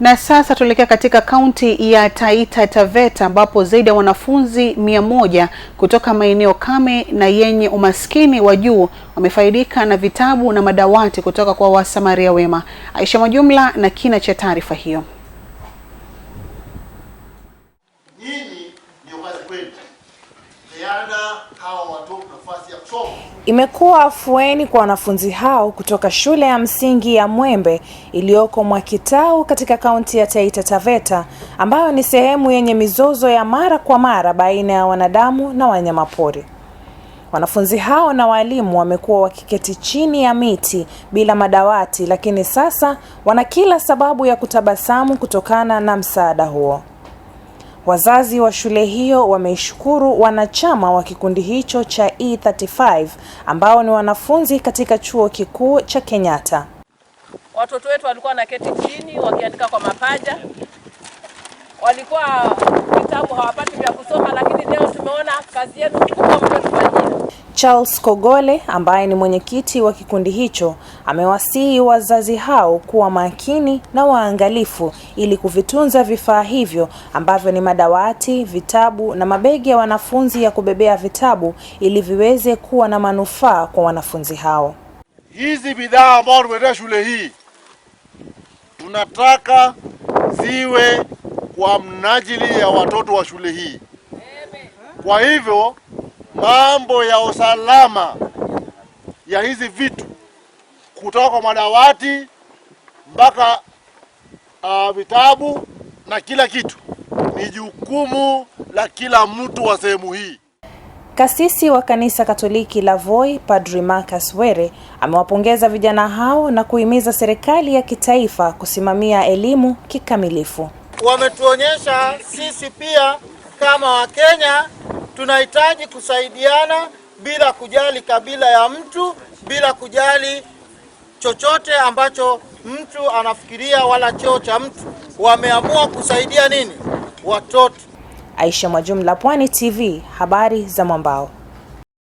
Na sasa tuelekea katika kaunti ya Taita Taveta ambapo zaidi ya wanafunzi mia moja kutoka maeneo kame na yenye umaskini wa juu wamefaidika na vitabu na madawati kutoka kwa wasamaria wema. Aisha Mwajumla na kina cha taarifa hiyo vijana hawa watoto nafasi ya kusoma. Imekuwa afueni kwa wanafunzi hao kutoka shule ya msingi ya Mwembe iliyoko Mwakitau katika kaunti ya Taita Taveta ambayo ni sehemu yenye mizozo ya mara kwa mara baina ya wanadamu na wanyamapori. Wanafunzi hao na walimu wamekuwa wakiketi chini ya miti bila madawati, lakini sasa wana kila sababu ya kutabasamu kutokana na msaada huo. Wazazi wa shule hiyo wameishukuru wanachama wa kikundi hicho cha E35 ambao ni wanafunzi katika chuo kikuu cha Kenyatta. Watoto wetu walikuwa na keti chini wakiandika kwa mapaja, walikuwa vitabu hawapati vya kusoma, lakini leo tumeona kazi yenu kubwa mtoto Charles Kogole ambaye ni mwenyekiti wa kikundi hicho amewasihi wazazi hao kuwa makini na waangalifu ili kuvitunza vifaa hivyo ambavyo ni madawati, vitabu na mabegi ya wanafunzi ya kubebea vitabu ili viweze kuwa na manufaa kwa wanafunzi hao. Hizi bidhaa ambazo tumetea shule hii tunataka ziwe kwa mnajili ya watoto wa shule hii, kwa hivyo mambo ya usalama ya hizi vitu kutoka kwa madawati mpaka uh, vitabu na kila kitu ni jukumu la kila mtu wa sehemu hii. Kasisi wa kanisa Katoliki la Voi, Padri Marcus Were, amewapongeza vijana hao na kuhimiza serikali ya kitaifa kusimamia elimu kikamilifu. Wametuonyesha sisi pia kama Wakenya tunahitaji kusaidiana bila kujali kabila ya mtu, bila kujali chochote ambacho mtu anafikiria wala cheo cha mtu. Wameamua kusaidia nini? Watoto. Aisha Mwajumla, Pwani TV, habari za mwambao.